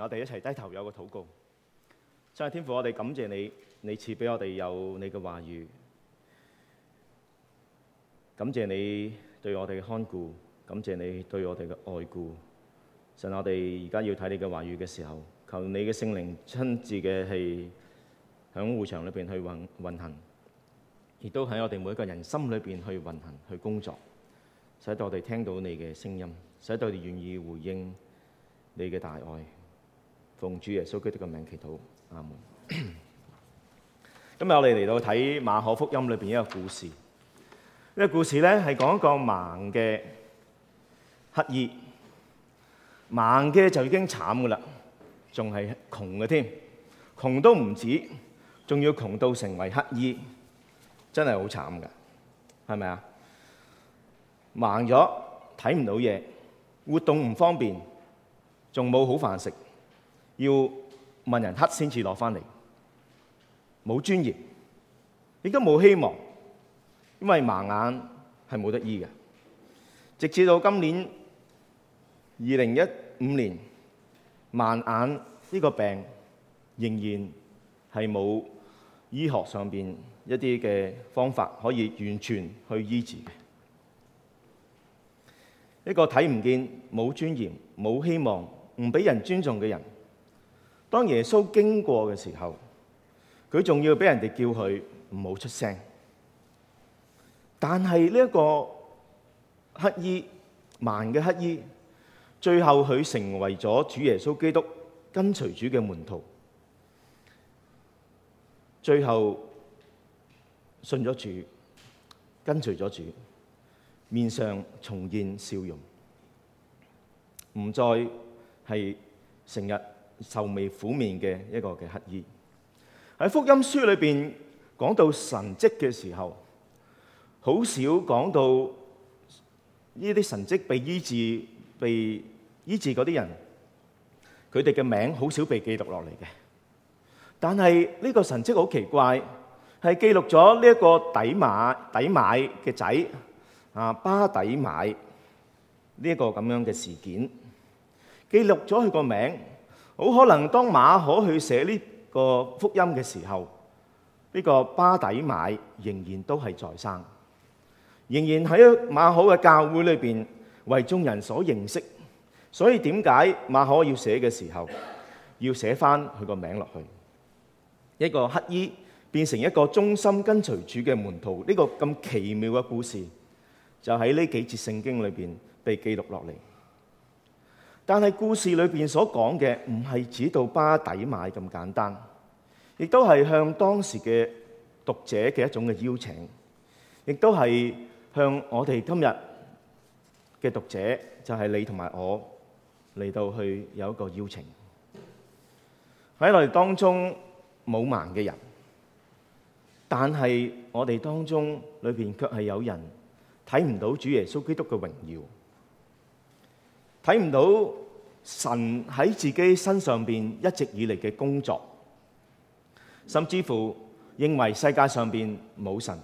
我哋一齊低頭有個禱告，真係天父，我哋感謝你，你賜俾我哋有你嘅話語，感謝你對我哋嘅看顧，感謝你對我哋嘅愛顧。神，我哋而家要睇你嘅話語嘅時候，求你嘅聖靈親自嘅係響會場裏邊去運運行，亦都喺我哋每一個人心裏邊去運行去工作，使到我哋聽到你嘅聲音，使到我哋願意回應你嘅大愛。奉主耶穌基督嘅名祈禱，阿門。今日我哋嚟到睇馬可福音裏邊一個故事。呢個故事咧係講一個盲嘅乞兒。盲嘅就已經慘噶啦，仲係窮嘅添，窮都唔止，仲要窮到成為乞兒，真係好慘噶，係咪啊？盲咗睇唔到嘢，活動唔方便，仲冇好飯食。要問人乞先至攞翻嚟，冇尊嚴，亦都冇希望，因為盲眼係冇得醫嘅。直至到今年二零一五年，盲眼呢個病仍然係冇醫學上面一啲嘅方法可以完全去醫治嘅。一個睇唔見、冇尊嚴、冇希望、唔俾人尊重嘅人。當耶穌經過嘅時候，佢仲要俾人哋叫佢唔好出聲。但係呢一個乞衣盲嘅乞衣，最後佢成為咗主耶穌基督跟隨主嘅門徒，最後信咗主，跟隨咗主，面上重現笑容，唔再係成日。愁眉苦面嘅一個嘅乞兒。喺福音書裏邊講到神蹟嘅時候，好少講到呢啲神蹟被醫治，被醫治嗰啲人佢哋嘅名好少被記錄落嚟嘅。但係呢個神蹟好奇怪，係記錄咗呢一個底買底買嘅仔啊，巴底買呢一個咁樣嘅事件，記錄咗佢個名。好可能，當馬可去寫呢個福音嘅時候，呢個巴底買仍然都係在生，仍然喺馬可嘅教會裏邊為眾人所認識。所以點解馬可要寫嘅時候要寫返佢個名落去？一個乞兒變成一個忠心跟隨主嘅門徒，呢個咁奇妙嘅故事就喺呢幾節聖經裏邊被記錄落嚟。但係故事裏邊所講嘅唔係只到巴底買咁簡單，亦都係向當時嘅讀者嘅一種嘅邀請，亦都係向我哋今日嘅讀者，就係你同埋我嚟到去有一個邀請。喺我哋當中冇盲嘅人，但係我哋當中裏邊卻係有人睇唔到主耶穌基督嘅榮耀。睇唔到神喺自己身上邊一直以嚟嘅工作，甚至乎認為世界上邊冇神，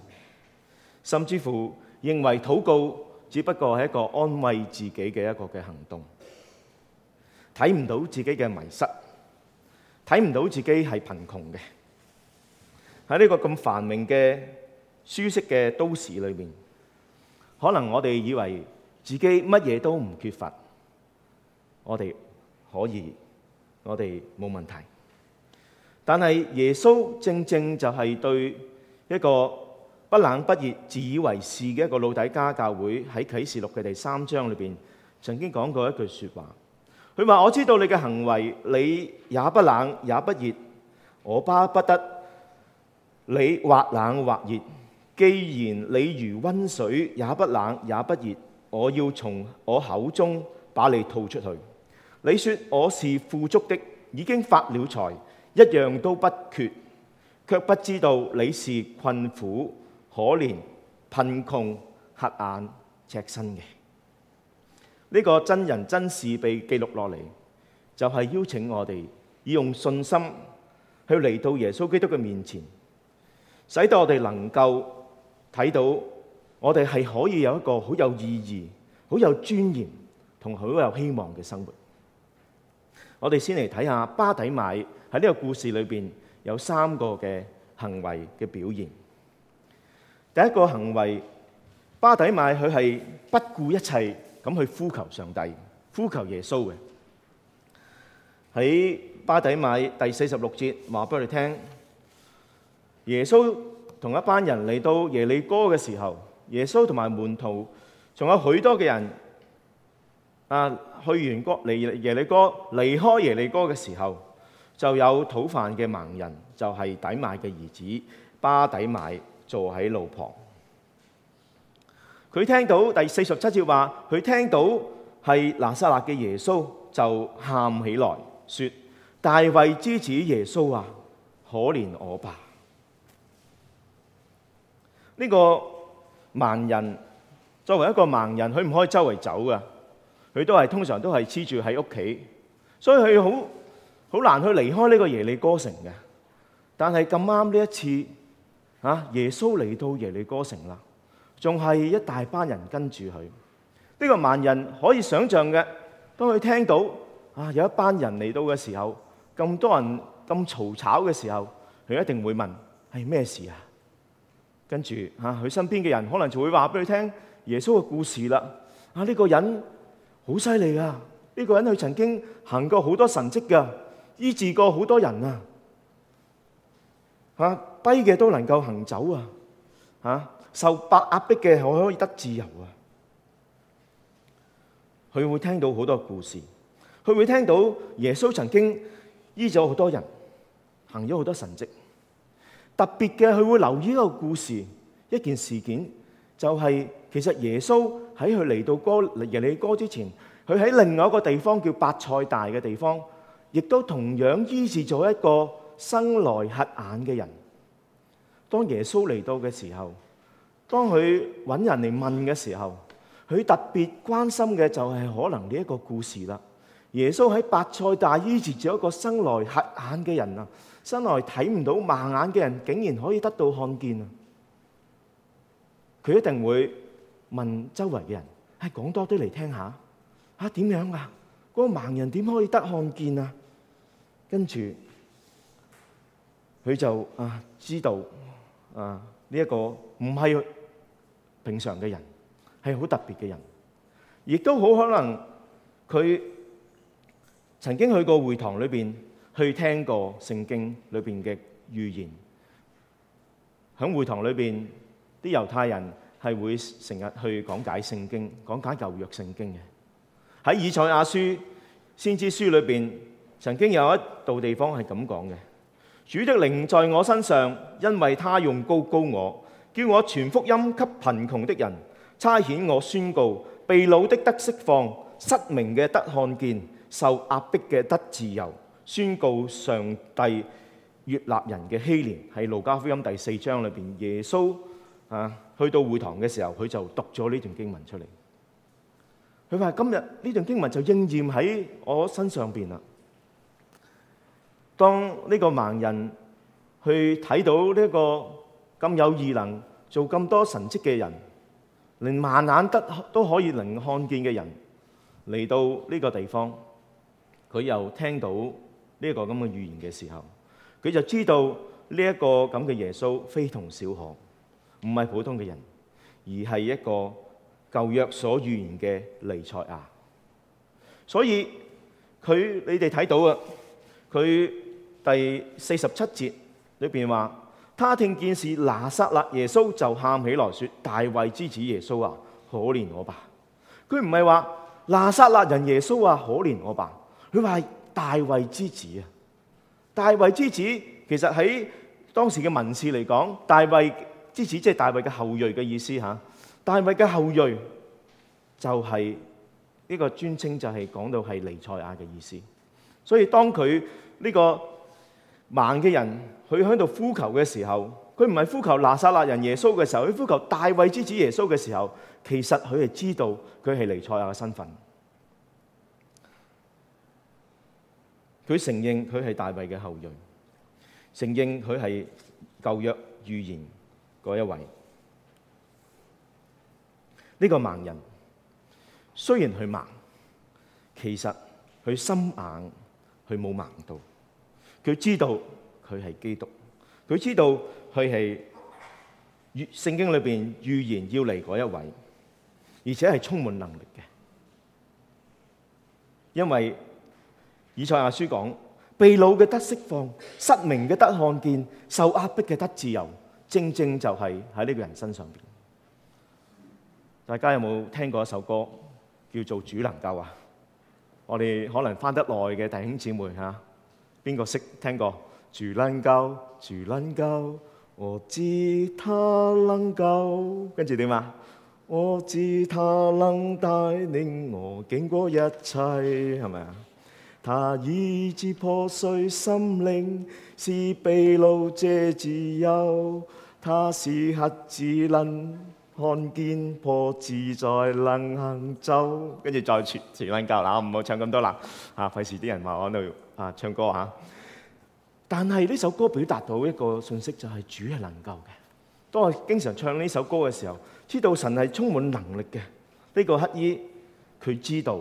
甚至乎認為禱告只不過係一個安慰自己嘅一個嘅行動，睇唔到自己嘅迷失，睇唔到自己係貧窮嘅，喺呢個咁繁榮嘅舒適嘅都市裏面，可能我哋以為自己乜嘢都唔缺乏。我哋可以，我哋冇問題。但係耶穌正正就係對一個不冷不熱、自以為是嘅一個老底嘉教會喺《啟示錄》嘅第三章裏邊曾經講過一句説話。佢話：我知道你嘅行為，你也不冷也不熱，我巴不得你或冷或熱。既然你如温水，也不冷也不熱，我要從我口中把你吐出去。你說我是富足的，已經發了財，一樣都不缺，卻不知道你是困苦、可憐、貧窮、瞎眼、赤身嘅。呢、這個真人真事被記錄落嚟，就係、是、邀請我哋以用信心去嚟到耶穌基督嘅面前，使到我哋能夠睇到我哋係可以有一個好有意義、好有尊嚴同好有希望嘅生活。我哋先嚟睇下巴底買喺呢個故事裏邊有三個嘅行為嘅表現。第一個行為，巴底買佢係不顧一切咁去呼求上帝、呼求耶穌嘅。喺巴底買第四十六節話俾我哋聽，耶穌同一班人嚟到耶利哥嘅時候，耶穌同埋門徒仲有許多嘅人啊。去完哥耶利哥，離開耶利哥嘅時候，就有討飯嘅盲人，就係底買嘅兒子巴底買坐喺路旁。佢聽到第四十七節話，佢聽到係拿撒勒嘅耶穌，就喊起來說：大衛之子耶穌啊，可憐我吧！呢、這個盲人作為一個盲人，佢唔可以周圍走㗎。佢都係通常都係黐住喺屋企，所以佢好好難去離開呢個耶里哥城嘅。但係咁啱呢一次，啊耶穌嚟到耶利哥城啦，仲係一大班人跟住佢。呢、這個盲人可以想象嘅，當佢聽到啊有一班人嚟到嘅時候，咁多人咁嘈吵嘅時候，佢一定會問係咩、哎、事啊？跟住吓佢身邊嘅人可能就會話俾佢聽耶穌嘅故事啦。啊呢、這個人。好犀利啊！呢、這個人佢曾經行過好多神跡㗎，醫治過好多人啊。吓跛嘅都能夠行走啊，吓、啊、受百壓迫嘅我可以得自由啊。佢會聽到好多故事，佢會聽到耶穌曾經醫咗好多人，行咗好多神跡。特別嘅，佢會留意一個故事，一件事件，就係、是。其實耶穌喺佢嚟到哥耶利哥之前，佢喺另外一個地方叫伯賽大嘅地方，亦都同樣醫治咗一個生來瞎眼嘅人。當耶穌嚟到嘅時候，當佢揾人嚟問嘅時候，佢特別關心嘅就係可能呢一個故事啦。耶穌喺伯賽大醫治咗一個生來瞎眼嘅人啊，生來睇唔到盲眼嘅人竟然可以得到看見啊，佢一定會問周圍嘅人：係講多啲嚟聽下，嚇、啊、點樣啊？嗰、嗰個盲人點可以得看見啊？跟住佢就啊知道啊呢一、呢個唔係平常嘅人，係好特別嘅人，亦都好可能佢曾經去過會堂裏邊去聽過聖經裏邊嘅預言，喺會堂裏邊啲猶太人。係會成日去講解聖經，講解舊約聖經嘅。喺以賽亞書先知書裏面曾經有一道地方係咁講嘅：，主的靈在我身上，因為他用膏膏我，叫我傳福音給貧窮的人，差遣我宣告被擄的得釋放，失明嘅得看見，受壓迫嘅得自由。宣告上帝悅納人嘅禧年，喺路加福音第四章裏面，耶穌。啊！去到會堂嘅時候，佢就讀咗呢段經文出嚟。佢話：今日呢段經文就應驗喺我身上邊啦。當呢個盲人去睇到呢個咁有異能、做咁多神跡嘅人，連盲眼得都可以能看見嘅人嚟到呢個地方，佢又聽到呢一個咁嘅預言嘅時候，佢就知道呢一個咁嘅耶穌非同小可。唔係普通嘅人，而係一個舊約所預言嘅彌賽亞。所以佢你哋睇到啊，佢第四十七節裏邊話：他聽見是拿撒勒耶穌，就喊起來説：大衛之子耶穌啊，可憐我吧！佢唔係話拿撒勒人耶穌啊，可憐我吧！佢話大衛之子啊，大衛之子其實喺當時嘅文士嚟講，大衛。之子即係大衛嘅後裔嘅意思吓，大衛嘅後裔就係呢個專稱，就係講到係彌賽亞嘅意思。所以當佢呢個盲嘅人佢喺度呼求嘅時候，佢唔係呼求拿撒勒人耶穌嘅時候，佢呼求大衛之子耶穌嘅時候，其實佢係知道佢係彌賽亞嘅身份。佢承認佢係大衛嘅後裔，承認佢係舊約預言。嗰一位呢個盲人，雖然佢盲，其實佢心盲，佢冇盲到。佢知道佢係基督，佢知道佢係預聖經裏邊預言要嚟嗰一位，而且係充滿能力嘅。因為以賽亞書講：被擄嘅得釋放，失明嘅得看見，受壓迫嘅得自由。正正就係喺呢個人身上邊，大家有冇聽過一首歌叫做《主能救》啊？我哋可能翻得耐嘅弟兄姊妹吓，邊個識聽過？主能救，主能救，我知他能救，跟住點啊？我知他能帶領我經過一切，係咪啊？他醫治破碎心靈，是被擄借自由。他是瞎子能看見，破自在能行走。跟住再傳傳緊教嗱，唔好唱咁多啦吓，費事啲人話我喺度吓唱歌吓。但係呢首歌表達到一個信息，就係主係能夠嘅。當我經常唱呢首歌嘅時候，知道神係充滿能力嘅。呢個乞衣佢知道。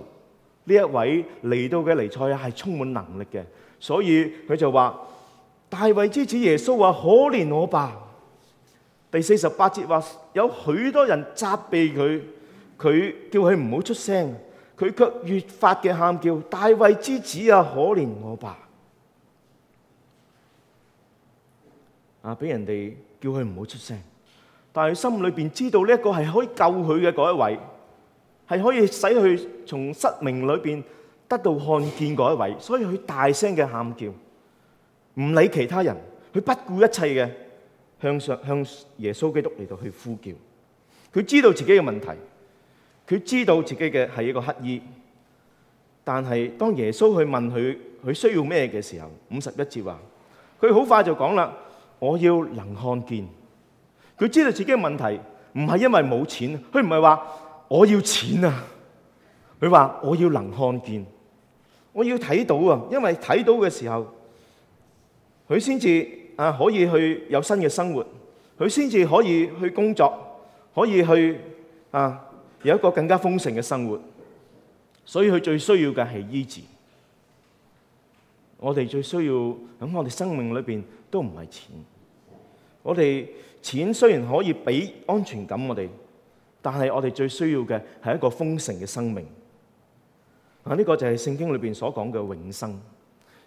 呢一位嚟到嘅尼賽亞，係充滿能力嘅，所以佢就話：大衛之子耶穌話可憐我吧。第四十八節話，有許多人責備佢，佢叫佢唔好出聲，佢卻越發嘅喊叫：大衛之子啊，可憐我吧！啊，俾人哋叫佢唔好出聲，但係佢心裏邊知道呢一個係可以救佢嘅嗰一位。係可以使佢從失明裏邊得到看見嗰一位，所以佢大聲嘅喊叫，唔理其他人，佢不顧一切嘅向上向耶穌基督嚟到去呼叫。佢知道自己嘅問題，佢知道自己嘅係一個乞兒。但係當耶穌去問佢佢需要咩嘅時候，五十一節話，佢好快就講啦，我要能看見。佢知道自己嘅問題唔係因為冇錢，佢唔係話。我要錢啊！佢話我要能看見，我要睇到啊！因為睇到嘅時候，佢先至啊可以去有新嘅生活，佢先至可以去工作，可以去啊有一個更加豐盛嘅生活。所以佢最需要嘅係醫治。我哋最需要喺我哋生命裏邊都唔係錢。我哋錢雖然可以俾安全感，我哋。但係我哋最需要嘅係一個豐盛嘅生命，啊呢個就係聖經裏邊所講嘅永生。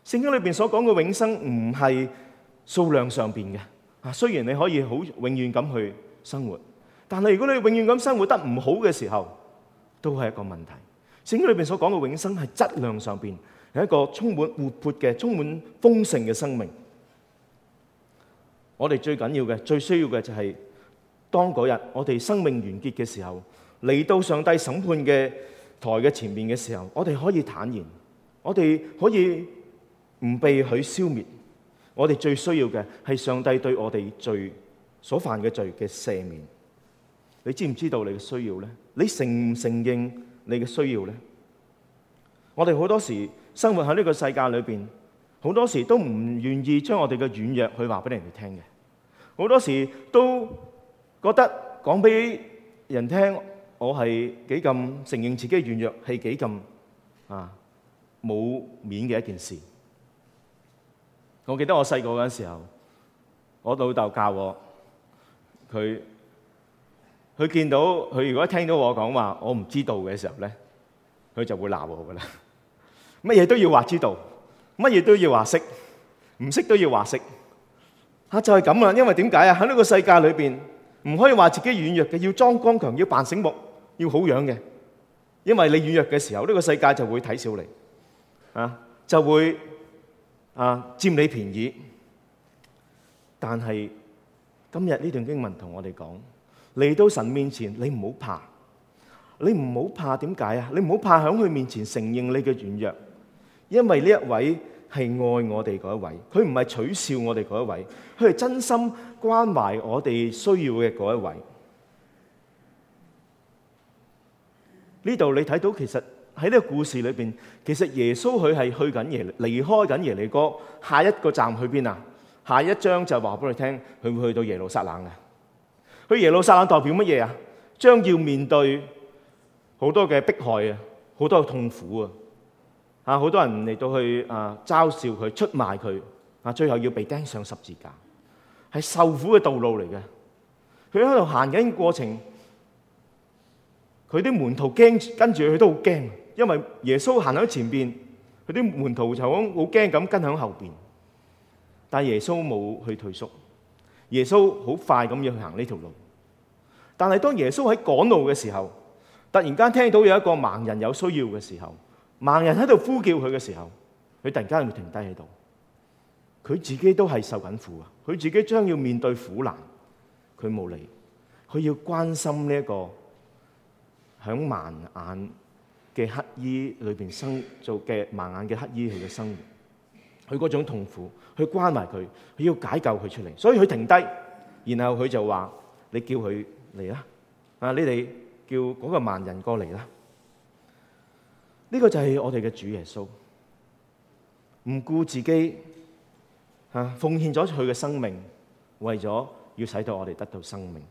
聖經裏邊所講嘅永生唔係數量上邊嘅，啊雖然你可以好永遠咁去生活，但係如果你永遠咁生活得唔好嘅時候，都係一個問題。聖經裏邊所講嘅永生係質量上邊，係一個充滿活潑嘅、充滿豐盛嘅生命。我哋最緊要嘅、最需要嘅就係。當嗰日我哋生命完結嘅時候，嚟到上帝審判嘅台嘅前面嘅時候，我哋可以坦然，我哋可以唔被佢消滅。我哋最需要嘅係上帝對我哋罪所犯嘅罪嘅赦免。你知唔知道你嘅需要呢？你承唔承認你嘅需要呢？我哋好多時生活喺呢個世界裏邊，好多時都唔願意將我哋嘅軟弱去話俾人哋聽嘅，好多時都。覺得講俾人聽，我係幾咁承認自己軟弱係幾咁啊冇面嘅一件事。我記得我細個嗰陣時候，我老豆教我，佢佢見到佢如果聽到我講話我唔知道嘅時候咧，佢就會鬧我㗎啦。乜嘢都要話知道，乜嘢都要話識，唔識都要話識。啊就係咁啦，因為點解啊？喺呢個世界裏邊。唔可以話自己軟弱嘅，要裝剛強，要扮醒目，要好樣嘅。因為你軟弱嘅時候，呢個世界就會睇少你，啊就會啊佔你便宜。但係今日呢段經文同我哋講，嚟到神面前，你唔好怕，你唔好怕，點解啊？你唔好怕響佢面前承認你嘅軟弱，因為呢一位。係愛我哋嗰一位，佢唔係取笑我哋嗰一位，佢係真心關懷我哋需要嘅嗰一位。呢度你睇到，其實喺呢個故事裏邊，其實耶穌佢係去緊耶，離開緊耶利哥，下一個站去邊啊？下一章就話俾你聽，佢會去到耶路撒冷嘅。去耶路撒冷代表乜嘢啊？將要面對好多嘅迫害啊，好多嘅痛苦啊。啊！好多人嚟到去啊，嘲笑佢、出賣佢啊，最後要被釘上十字架，係受苦嘅道路嚟嘅。佢喺度行緊過程，佢啲門徒驚跟住佢都好驚，因為耶穌行喺前邊，佢啲門徒就咁好驚咁跟響後邊。但係耶穌冇去退縮，耶穌好快咁要去行呢條路。但係當耶穌喺趕路嘅時候，突然間聽到有一個盲人有需要嘅時候。盲人喺度呼叫佢嘅時候，佢突然間會停低喺度。佢自己都係受緊苦啊！佢自己將要面對苦難，佢冇嚟。佢要關心呢一個響盲眼嘅乞衣裏邊生做嘅盲眼嘅乞衣佢嘅生活，佢嗰種痛苦，去關懷佢，佢要解救佢出嚟。所以佢停低，然後佢就話：你叫佢嚟啦！啊，你哋叫嗰個盲人過嚟啦！呢個就係我哋嘅主耶穌，唔顧自己，啊，奉獻咗佢嘅生命，為咗要使到我哋得到生命。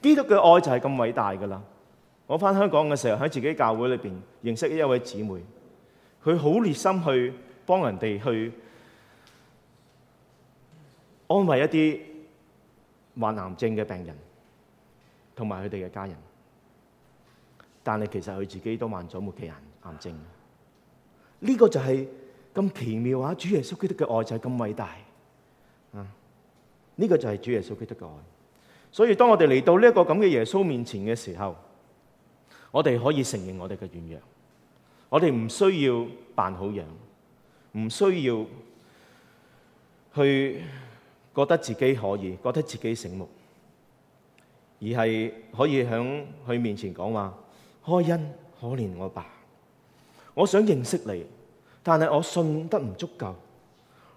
基督嘅愛就係咁偉大噶啦！我返香港嘅時候喺自己教會裏面認識一位姊妹，佢好熱心去幫人哋去安慰一啲患癌症嘅病人同埋佢哋嘅家人。但係其實佢自己都患咗末期癌癌症，呢個就係咁奇妙啊！主耶穌基督嘅愛就係咁偉大啊！呢個就係主耶穌基督嘅愛。所以當我哋嚟到呢一個咁嘅耶穌面前嘅時候，我哋可以承認我哋嘅軟弱，我哋唔需要扮好樣，唔需要去覺得自己可以，覺得自己醒目，而係可以喺佢面前講話，開恩可憐我吧！我想認識你，但係我信得唔足夠，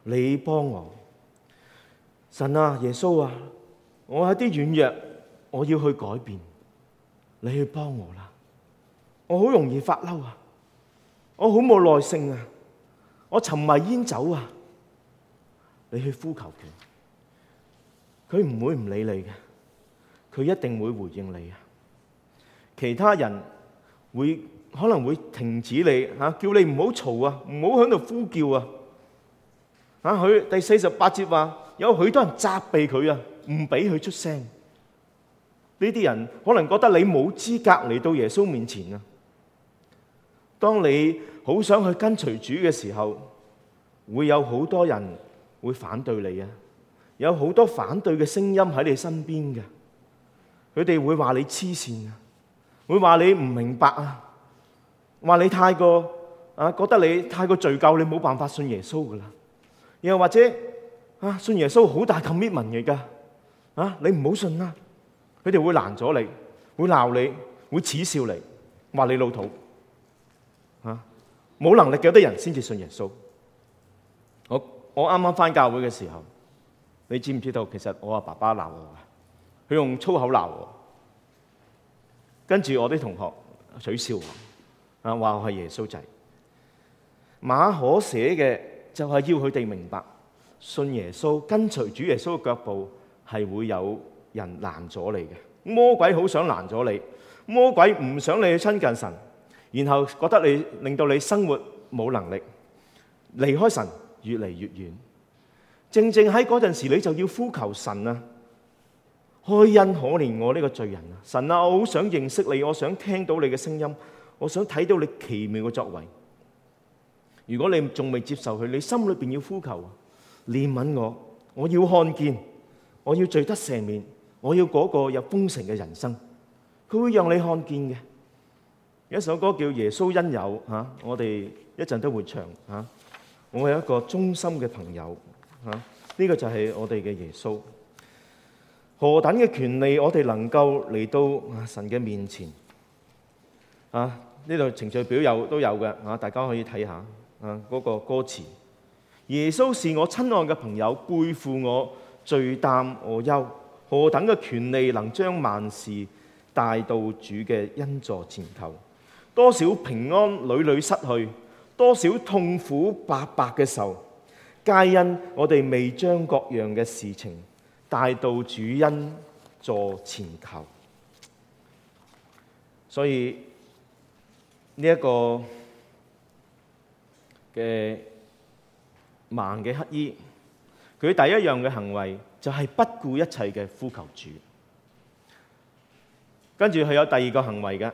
你幫我，神啊，耶穌啊，我有啲軟弱，我要去改變，你去幫我啦！我好容易發嬲啊，我好冇耐性啊，我沉迷煙酒啊，你去呼求佢，佢唔會唔理你嘅，佢一定會回應你啊！其他人。會可能會停止你吓，叫你唔好嘈啊，唔好喺度呼叫啊！啊，佢第四十八節話有許多人責備佢啊，唔俾佢出聲。呢啲人可能覺得你冇資格嚟到耶穌面前啊。當你好想去跟隨主嘅時候，會有好多人會反對你啊。有好多反對嘅聲音喺你身邊嘅，佢哋會話你黐線啊。會話你唔明白啊，話你太過啊，覺得你太過罪疚，你冇辦法信耶穌噶啦。又或者啊，信耶穌好大 commitment 嘅，啊你唔好信啊，佢哋會攔咗你，會鬧你，會恥笑你，話你老土。啊，冇能力嘅啲人先至信耶穌。我我啱啱翻教會嘅時候，你知唔知道？其實我阿爸爸鬧我，佢用粗口鬧我。跟住我啲同學取笑我，啊話我係耶穌仔。馬可寫嘅就係要佢哋明白，信耶穌、跟隨主耶穌嘅腳步，係會有人攔阻你嘅。魔鬼好想攔阻你，魔鬼唔想你去親近神，然後覺得你令到你生活冇能力，離開神越嚟越遠。正正喺嗰陣時，你就要呼求神啊！開恩可憐我呢個罪人啊！神啊，我好想認識你，我想聽到你嘅聲音，我想睇到你奇妙嘅作為。如果你仲未接受佢，你心裏邊要呼求啊，憐憫我，我要看見，我要罪得赦免，我要嗰個有豐盛嘅人生，佢會讓你看見嘅。有一首歌叫《耶穌恩友》，吓，我哋一陣都會唱。吓，我有一個忠心嘅朋友，吓，呢個就係我哋嘅耶穌。何等嘅權利，我哋能夠嚟到神嘅面前？啊，呢度程序表有都有嘅，啊，大家可以睇下啊嗰、那個歌詞。耶穌是我親愛嘅朋友，背負我罪擔我憂。何等嘅權利能將萬事帶到主嘅恩座前頭？多少平安屢屢屢失去，多少痛苦白白嘅受，皆因我哋未將各樣嘅事情。大道主因助前求。所以呢一，這個嘅盲嘅乞衣，佢第一樣嘅行為就係、是、不顧一切嘅呼求主，跟住佢有第二個行為嘅，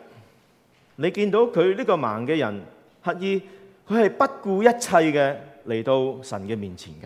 你見到佢呢個盲嘅人乞衣，佢係不顧一切嘅嚟到神嘅面前嘅。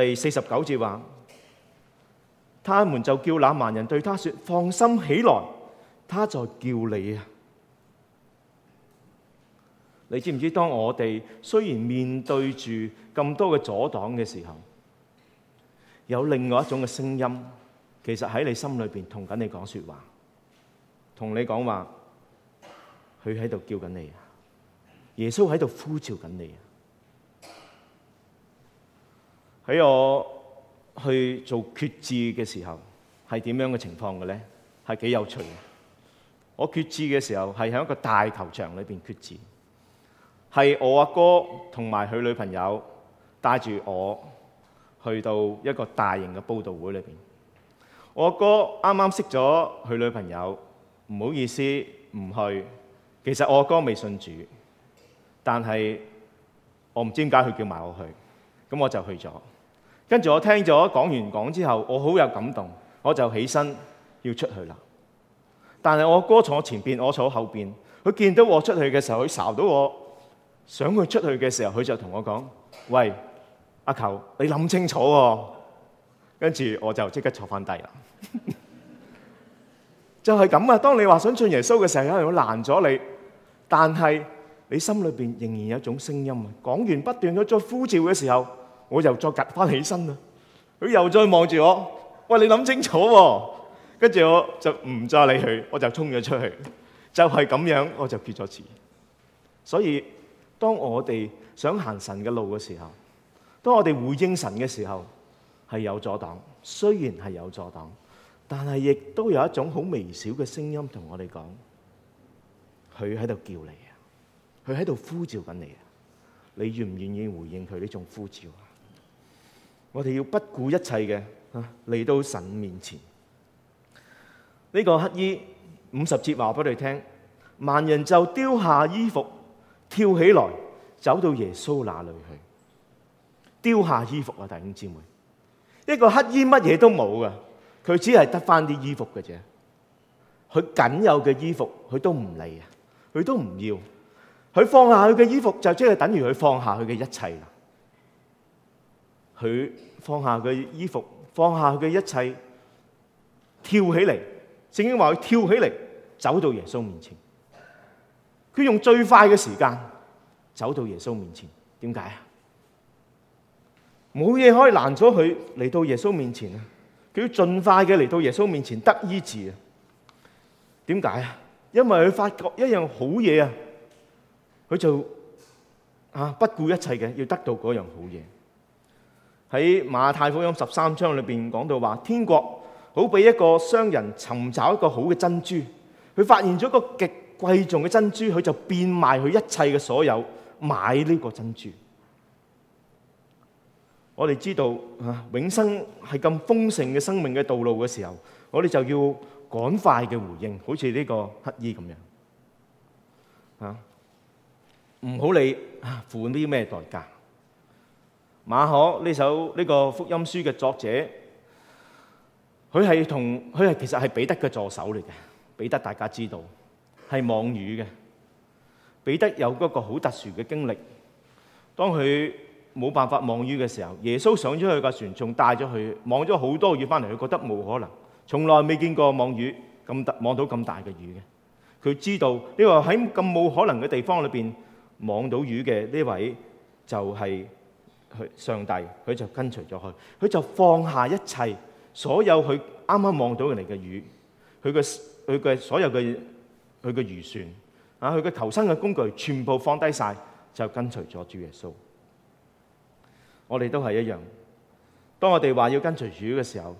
第四十九節話，他們就叫那萬人對他說：放心起來，他在叫你啊！你知唔知？當我哋雖然面對住咁多嘅阻擋嘅時候，有另外一種嘅聲音，其實喺你心裏邊同緊你講說話，同你講話，佢喺度叫緊你啊！耶穌喺度呼召緊你啊！喺我去做決志嘅時候係點樣嘅情況嘅咧？係幾有趣嘅。我決志嘅時候係喺一個大球場裏邊決志，係我阿哥同埋佢女朋友帶住我去到一個大型嘅佈道會裏邊。我阿哥啱啱識咗佢女朋友，唔好意思唔去。其實我阿哥未信主，但係我唔知點解佢叫埋我去，咁我就去咗。跟住我聽咗講完，講之後，我好有感動，我就起身要出去啦。但係我哥坐我前邊，我坐我後邊。佢見到我出去嘅時候，佢睄到我想佢出去嘅時候，佢就同我講：喂，阿球，你諗清楚喎、啊。跟住我就即刻坐翻低啦。 就係咁啊！當你話想信耶穌嘅時候，有人會攔咗你，但係你心裏面仍然有一種聲音。講完不斷咁再呼召嘅時候。我就再隔翻起身啦！佢又再望住我，喂，你諗清楚喎！跟住我就唔再理佢，我就衝咗出去，就係咁樣，我就決咗志。所以，當我哋想行神嘅路嘅時候，當我哋回應神嘅時候，係有阻擋，雖然係有阻擋，但係亦都有一種好微小嘅聲音同我哋講，佢喺度叫你啊，佢喺度呼召緊你啊，你願唔願意回應佢呢種呼召？我哋要不顧一切嘅吓嚟到神面前。呢個乞兒五十節話俾你聽，盲人就丟下衣服跳起來，走到耶穌那裏去。丟下衣服啊，弟兄姊妹！一個乞兒乜嘢都冇噶，佢只係得返啲衣服嘅啫。佢僅有嘅衣服，佢都唔理啊，佢都唔要。佢放下佢嘅衣服，就即係等於佢放下佢嘅一切啦。佢。放下佢衣服，放下佢一切，跳起嚟！聖經話佢跳起嚟，走到耶穌面前。佢用最快嘅時間走到耶穌面前。點解啊？冇嘢可以攔阻佢嚟到耶穌面前啊！佢要盡快嘅嚟到耶穌面前得醫治啊！點解啊？因為佢發覺一樣好嘢啊！佢就啊不顧一切嘅要得到嗰樣好嘢。喺馬太福音十三章裏面講到話，天國好比一個商人尋找一個好嘅珍珠，佢發現咗一個極貴重嘅珍珠，佢就變賣佢一切嘅所有買呢個珍珠。我哋知道啊，永生係咁豐盛嘅生命嘅道路嘅時候，我哋就要趕快嘅回應，好似呢個乞衣咁樣啊，唔好理付啲咩代價。馬可呢首呢個福音書嘅作者，佢係同佢係其實係彼得嘅助手嚟嘅。彼得大家知道係網魚嘅。彼得有嗰個好特殊嘅經歷，當佢冇辦法網魚嘅時候，耶穌上咗去架船，仲帶咗佢網咗好多魚翻嚟。佢覺得冇可能，從來未見過網魚咁大網到咁大嘅魚嘅。佢知道呢個喺咁冇可能嘅地方裏邊網到魚嘅呢位就係。去上帝，佢就跟隨咗佢，佢就放下一切，所有佢啱啱望到人哋嘅魚，佢嘅佢嘅所有嘅佢嘅漁船啊，佢嘅求生嘅工具全部放低晒，就跟隨咗主耶穌。我哋都係一樣，當我哋話要跟隨主嘅時候，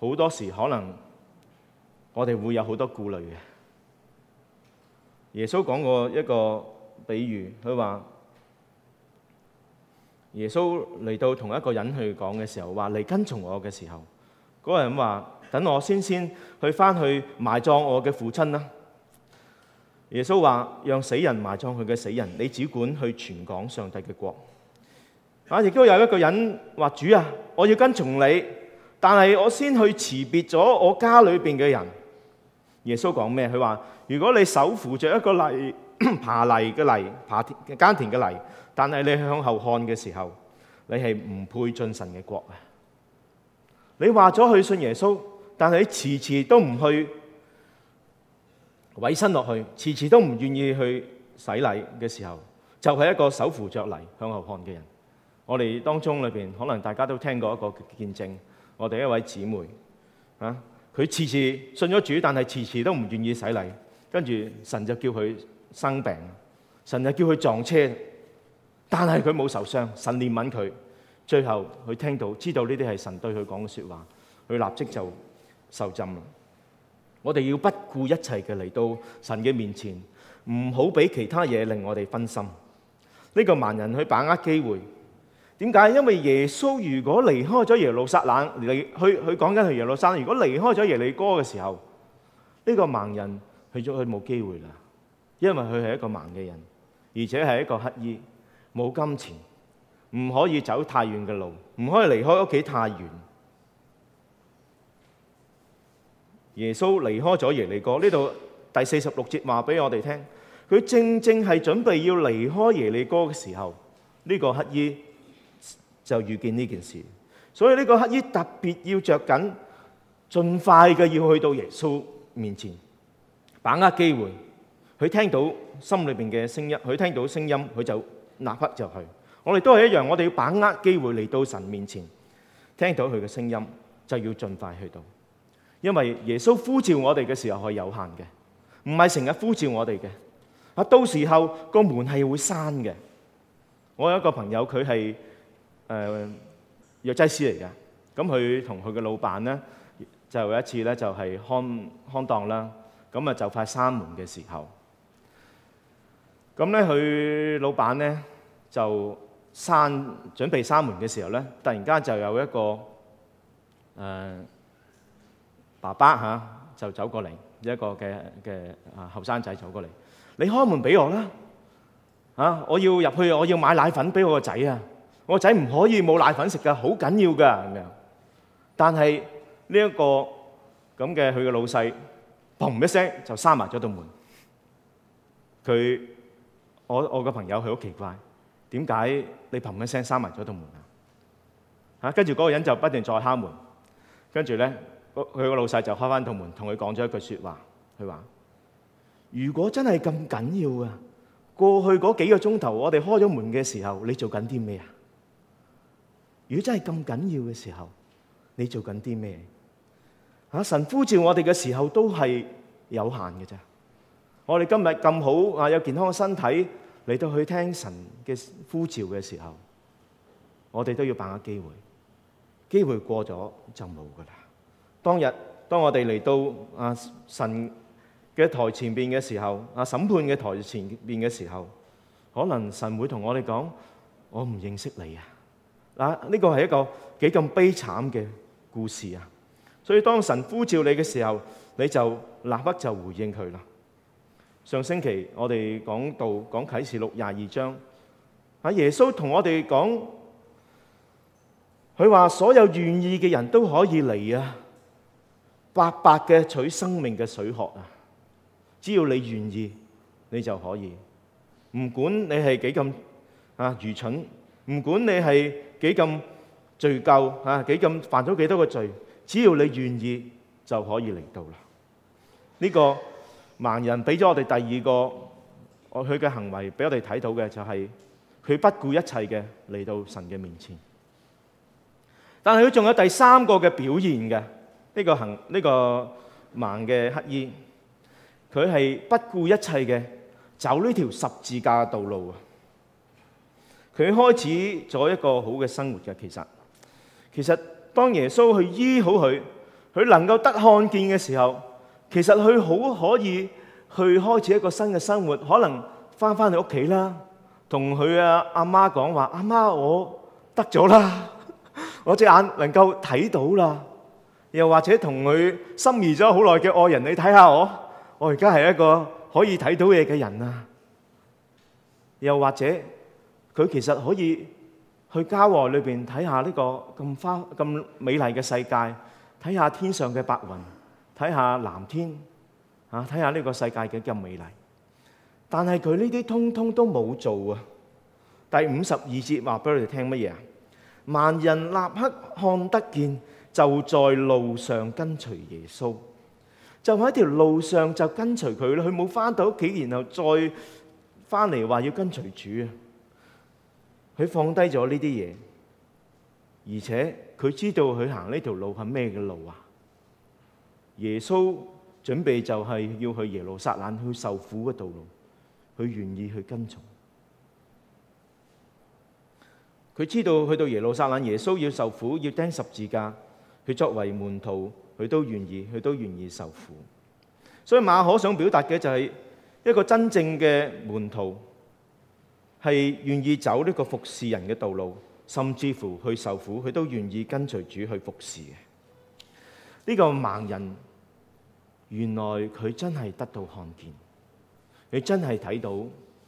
好多時可能我哋會有好多顧慮嘅。耶穌講過一個比喻，佢話。耶穌嚟到同一個人去講嘅時候，話嚟跟從我嘅時候，嗰、那個人話：等我先先去返去埋葬我嘅父親啦。耶穌話：讓死人埋葬佢嘅死人，你只管去傳講上帝嘅國。啊！亦都有一個人話：主啊，我要跟從你，但係我先去辭別咗我家裏邊嘅人。耶穌講咩？佢話：如果你手扶着一個犁、爬犁嘅犁、耙田耕田嘅犁。但係你向後看嘅時候，你係唔配進神嘅國啊！你話咗去信耶穌，但係你遲遲都唔去委身落去，遲遲都唔願意去洗禮嘅時候，就係、是、一個手扶着犁向後看嘅人。我哋當中裏邊可能大家都聽過一個見證，我哋一位姊妹啊，佢次次信咗主，但係遲遲都唔願意洗禮，跟住神就叫佢生病，神就叫佢撞車。但係佢冇受傷，神憐憫佢。最後佢聽到知道呢啲係神對佢講嘅說話，佢立即就受浸啦。我哋要不顧一切嘅嚟到神嘅面前，唔好俾其他嘢令我哋分心。呢個盲人去把握機會，點解？因為耶穌如果離開咗耶路撒冷，佢，佢講緊係耶路撒冷。如果離開咗耶利哥嘅時候，呢個盲人佢就佢冇機會啦，因為佢係一個盲嘅人，而且係一個乞兒。冇金錢，唔可以走太遠嘅路，唔可以離開屋企太遠。耶穌離開咗耶利哥呢度，第四十六節話俾我哋聽，佢正正係準備要離開耶利哥嘅時候，呢、呢個乞兒就預見呢件事，所以呢個乞兒特別要着緊，盡快嘅要去到耶穌面前，把握機會。佢聽到心裏邊嘅聲音，佢聽到聲音，佢就，立刻就去，我哋都係一樣，我哋要把握機會嚟到神面前，聽到佢嘅聲音就要盡快去到，因為耶穌呼召我哋嘅時候係有限嘅，唔係成日呼召我哋嘅。啊，到時候個門係會閂嘅。我有一個朋友，佢係誒藥劑師嚟嘅，咁佢同佢嘅老闆咧就有一次咧就係、是、看看檔啦，咁啊就快閂門嘅時候。咁咧，佢老闆咧就閂準備閂門嘅時候咧，突然間就有一個誒爸爸嚇就走過嚟，一個嘅嘅後生仔走過嚟，你開門俾我啦！啊，我要入去，我要買奶粉俾我個仔啊！我個仔唔可以冇奶粉食㗎，好緊要㗎咁樣。但係呢一個咁嘅佢嘅老細，砰一聲就閂埋咗道門，佢。我我個朋友佢好奇怪，點解你砰一聲閂埋咗道門啊？吓，跟住嗰個人就不斷再敲門，跟住咧佢個老細就開翻道門，同佢講咗一句說話，佢話：如果真係咁緊要啊，過去嗰幾個鐘頭我哋開咗門嘅時候，你做緊啲咩啊？如果真係咁緊要嘅時候，你做緊啲咩啊？神呼召我哋嘅時候都係有限嘅啫。我哋今日咁好啊，有健康嘅身體。嚟到去聽神嘅呼召嘅時候，我哋都要把握機會。機會過咗就冇噶啦。當日當我哋嚟到啊神嘅台前面嘅時候，啊審判嘅台前面嘅時候，可能神會同我哋講：我唔認識你啊！嗱、啊，呢、這個係一個幾咁悲慘嘅故事啊！所以當神呼召你嘅時候，你就立刻就回應佢啦。上星期我哋講到講啟示錄廿二章，啊耶穌同我哋講，佢話所有願意嘅人都可以嚟啊，白白嘅取生命嘅水喝啊，只要你願意，你就可以，唔管你係幾咁啊愚蠢，唔管你係幾咁罪咎啊幾咁犯咗幾多個罪，只要你願意就可以嚟到啦，呢、這個。盲人俾咗我哋第二個，佢嘅行為俾我哋睇到嘅就係佢不顧一切嘅嚟到神嘅面前。但係佢仲有第三個嘅表現嘅，呢個行呢個盲嘅乞丐，佢係不顧一切嘅走呢條十字架嘅道路啊！佢開始咗一個好嘅生活嘅，其實其實當耶穌去醫好佢，佢能夠得看見嘅時候。其實佢好可以去開始一個新嘅生活，可能翻返去屋企啦，同佢阿阿媽講話：阿媽，我得咗啦，我隻眼能夠睇到啦。又或者同佢心儀咗好耐嘅愛人，你睇下我，我而家係一個可以睇到嘢嘅人啊。又或者佢其實可以去郊外裏邊睇下呢個咁花咁美麗嘅世界，睇下天上嘅白雲。睇下藍天，吓睇下呢個世界嘅咁美麗。但係佢呢啲通通都冇做啊！第五十二節話俾你哋聽乜嘢啊？盲人立刻看得見，就在路上跟隨耶穌，就喺條路上就跟隨佢啦。佢冇翻到屋企，然後再翻嚟話要跟隨主啊！佢放低咗呢啲嘢，而且佢知道佢行呢條路係咩嘅路啊！耶穌準備就係要去耶路撒冷去受苦嘅道路，佢願意去跟從。佢知道去到耶路撒冷，耶穌要受苦，要釘十字架。佢作為門徒，佢都願意，佢都願意受苦。所以馬可想表達嘅就係一個真正嘅門徒係願意走呢個服侍人嘅道路，甚至乎去受苦，佢都願意跟隨主去服侍嘅。呢個盲人。原來佢真係得到看見，佢真係睇到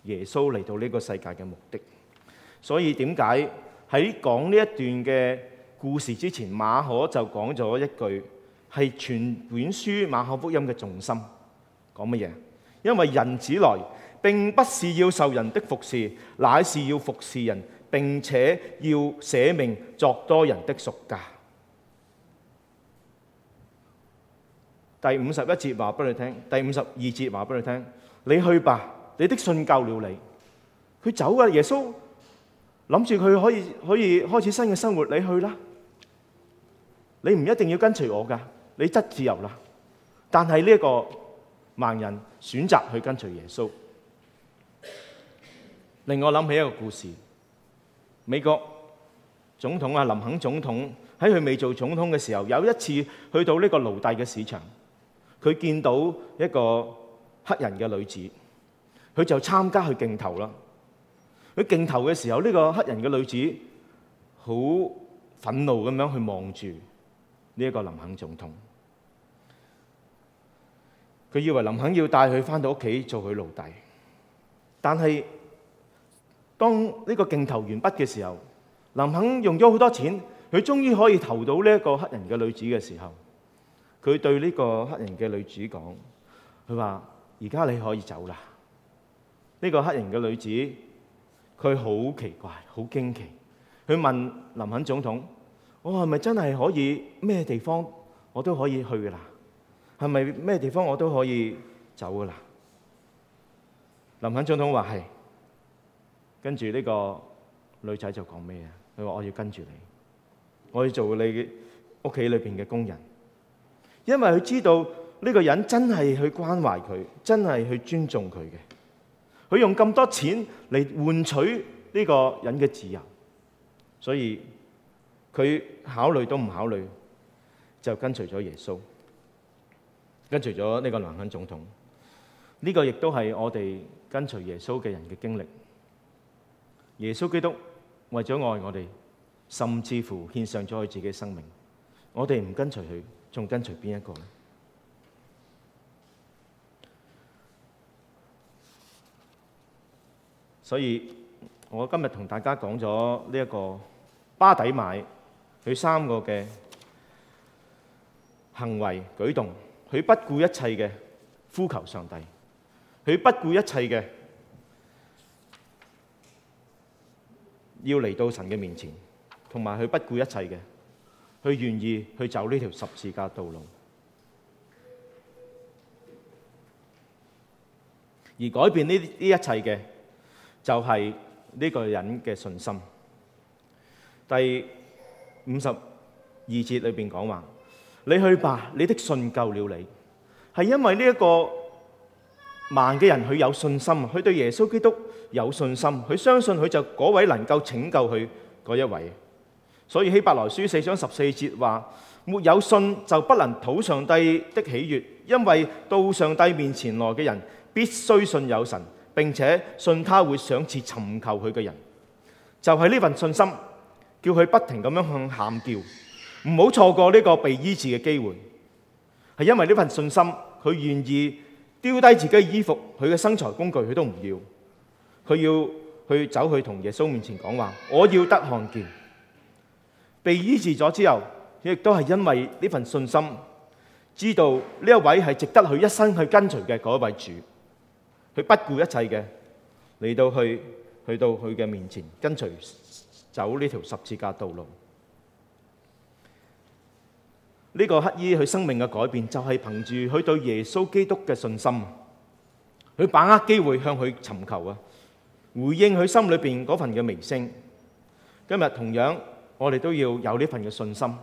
耶穌嚟到呢個世界嘅目的。所以點解喺講呢一段嘅故事之前，馬可就講咗一句係全本書馬可福音嘅重心，講乜嘢？因為人子來並不是要受人的服侍，乃是要服侍人，並且要捨命作多人的贖價。第五十一節話俾你聽，第五十二節話俾你聽。你去吧，你的信救了你。佢走啊，耶穌諗住佢可以可以開始新嘅生活，你去啦。你唔一定要跟隨我噶，你得自由啦。但係呢一個盲人選擇去跟隨耶穌，令我諗起一個故事。美國總統啊，林肯總統喺佢未做總統嘅時候，有一次去到呢個奴隸嘅市場。佢見到一個黑人嘅女子，佢就參加去競投啦。佢競投嘅時候，呢個黑人嘅女子好憤怒咁樣去望住呢一個林肯總統。佢以為林肯要帶佢翻到屋企做佢奴隸，但係當呢個競投完畢嘅時候，林肯用咗好多錢，佢終於可以投到呢一個黑人嘅女子嘅時候。佢對呢個黑人嘅女子講，佢話，而家你可以走啦。呢個黑人嘅女子，佢好奇怪，好驚奇。佢問林肯總統，我係咪真係可以咩地方我都可以去噶啦？係咪咩地方我都可以走噶啦？林肯總統話，係。跟住呢個女仔就講咩啊？佢話，我要跟住你，我要做你屋企裏邊嘅工人。因為佢知道呢個人真係去關懷佢，真係去尊重佢嘅。佢用咁多錢嚟換取呢個人嘅自由，所以佢考慮都唔考慮，就跟隨咗耶穌，跟隨咗呢個林肯總統。呢、這個亦都係我哋跟隨耶穌嘅人嘅經歷。耶穌基督為咗愛我哋，甚至乎獻上咗佢自己嘅生命。我哋唔跟隨佢，仲跟隨邊一個呢？所以我今日同大家講咗呢一個巴底買佢三個嘅行為舉動，佢不顧一切嘅呼求上帝，佢不顧一切嘅要嚟到神嘅面前，同埋佢不顧一切嘅。佢願意去走呢條十字架道路，而改變呢呢一切嘅就係呢個人嘅信心。第五十二節裏邊講話：你去吧，你的信救了你。係因為呢一個盲嘅人，佢有信心，佢對耶穌基督有信心，佢相信佢就嗰位能夠拯救佢嗰一位。所以希伯來書四章十四節話：，沒有信就不能討上帝的喜悅，因為到上帝面前來嘅人必須信有神，並且信他會賞賜尋求佢嘅人。就係、是、呢份信心，叫佢不停咁樣向喊叫，唔好錯過呢個被醫治嘅機會。係因為呢份信心，佢願意丟低自己的衣服，佢嘅生財工具佢都唔要，佢要去走去同耶穌面前講話：，我要得看見。被醫治咗之後，佢亦都係因為呢份信心，知道呢一位係值得佢一生去跟隨嘅嗰一位主，佢不顧一切嘅嚟到去去到佢嘅面前，跟隨走呢條十字架道路。呢、這個乞兒，佢生命嘅改變，就係、是、憑住佢對耶穌基督嘅信心，佢把握機會向佢尋求啊，回應佢心裏邊嗰份嘅微聲。今日同樣。我哋都要有呢份嘅信心，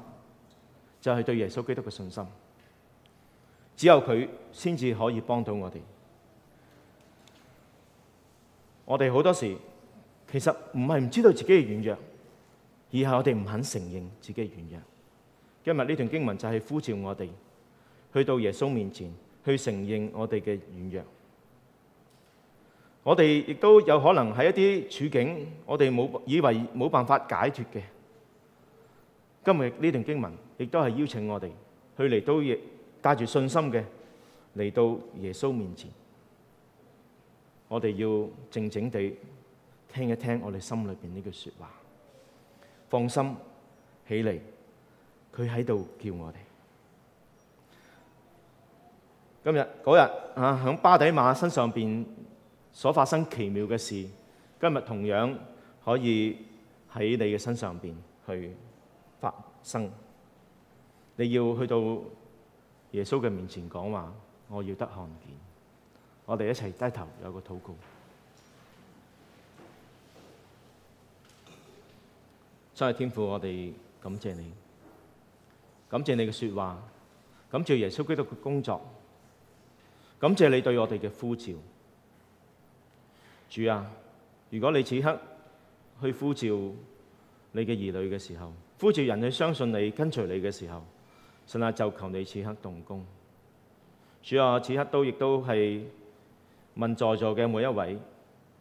就係、是、對耶穌基督嘅信心。只有佢先至可以幫到我哋。我哋好多時其實唔係唔知道自己嘅軟弱，而係我哋唔肯承認自己嘅軟弱。今日呢段經文就係呼召我哋去到耶穌面前，去承認我哋嘅軟弱。我哋亦都有可能喺一啲處境，我哋冇以為冇辦法解脱嘅。今日呢段經文亦都係邀請我哋去嚟到，亦帶住信心嘅嚟到耶穌面前。我哋要靜靜地聽一聽我哋心裏邊呢句説話，放心起嚟，佢喺度叫我哋。今日嗰日啊，響巴底馬身上邊所發生奇妙嘅事，今日同樣可以喺你嘅身上邊去。生，你要去到耶穌嘅面前講話，我要得看見。我哋一齊低頭有個禱告。真係天父，我哋感謝你，感謝你嘅說話，感謝耶穌基督嘅工作，感謝你對我哋嘅呼召。主啊，如果你此刻去呼召你嘅兒女嘅時候，呼召人去相信你、跟隨你嘅時候，神啊，就求你此刻動工。主啊，此刻都亦都係問在座嘅每一位，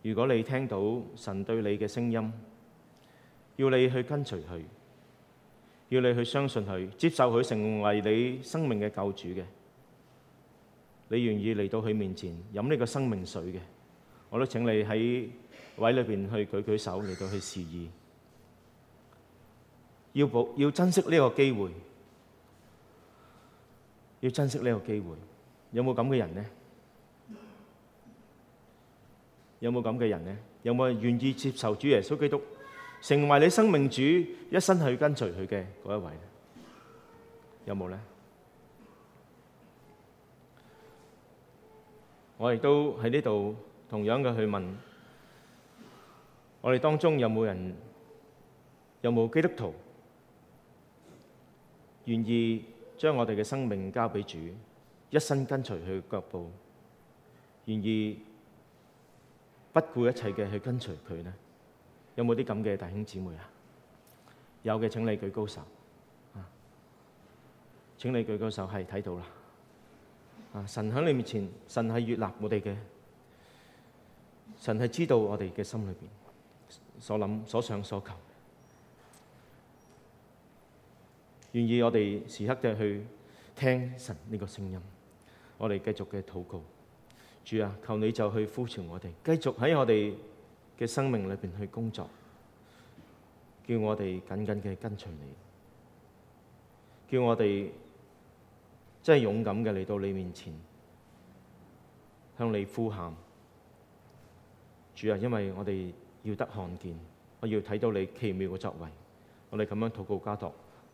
如果你聽到神對你嘅聲音，要你去跟隨佢，要你去相信佢，接受佢成為你生命嘅救主嘅，你願意嚟到佢面前飲呢個生命水嘅，我都請你喺位裏邊去舉舉手嚟到去示意。要保要珍惜呢個機會，要珍惜呢個機會，有冇咁嘅人呢？有冇咁嘅人呢？有冇人願意接受主耶穌基督，成為你生命主，一生去跟隨佢嘅嗰一位？有冇呢？我亦都喺呢度同樣嘅去問，我哋當中有冇人，有冇基督徒？願意將我哋嘅生命交俾主，一生跟隨佢嘅腳步，願意不顧一切嘅去跟隨佢呢，有冇啲咁嘅弟兄姊妹啊？有嘅，請你舉高手。啊，請你舉高手係睇到啦。啊，神喺你面前，神係悅納我哋嘅，神係知道我哋嘅心裏邊所諗、所想、所求。願意我哋時刻嘅去聽神呢個聲音，我哋繼續嘅禱告。主啊，求你就去呼召我哋，繼續喺我哋嘅生命裏邊去工作，叫我哋緊緊嘅跟隨你，叫我哋真係勇敢嘅嚟到你面前，向你呼喊。主啊，因為我哋要得看見，我要睇到你奇妙嘅作為，我哋咁樣禱告，交託。